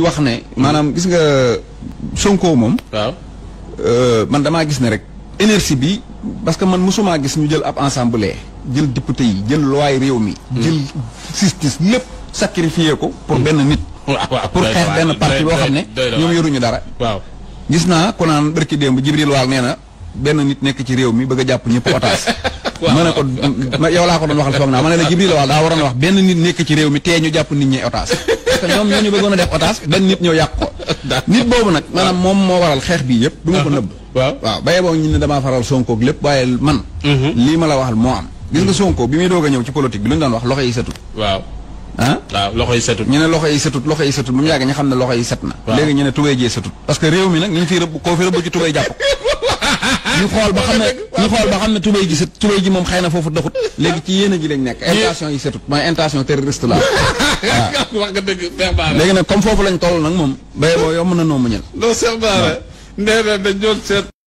wax ne manam gis nga Sonko mom waaw euh, man dama gis ne rek énergie bi parce que man musuma gis ñu jël ab ensemble jël député yi jël loi réew mi. Hmm. jël justice lepp sacrifier ko pour hmm. ben nit. pour xeex ben parti bo xam ñom yoru ñu dara. waaw gis na ko nan barki demb Jibril wal neena ben nit nek ci réew mi bëgg japp ñepp otage. mané ko yow la ko doon waxal fogna mané la Jibril wal da waron wax ben nit nek ci réew mi ñu nit ñi otage. que ñoom ñoo ñu bëggoon a def otage benn nit ñëw yàq ko nit boobu nag maanaam moom moo waral xeex bii yëpp du ma ko ah. nëbb waaw waaw baye boo ñu mhm. ah? ñu ne loxo yi setut loxo yi setut ba mu yàgg ñu xam ne loxo yi set na léegi ñu tubéy jee setut parce que réew mi nag ñu ngi rëbb koo fi rëbb ci tubéy jàpp ñu xool ba xam ne ñu xool ba xam ne tubéy ji sët tubéy ji moom xëy na foofu doxut léegi ci yéen a ji lañ nekk intention yi sëtut mooy intention terroriste la léegi nag comme foofu lañ toll nag moom béy boo yow mën a noo muñal dañ doon seet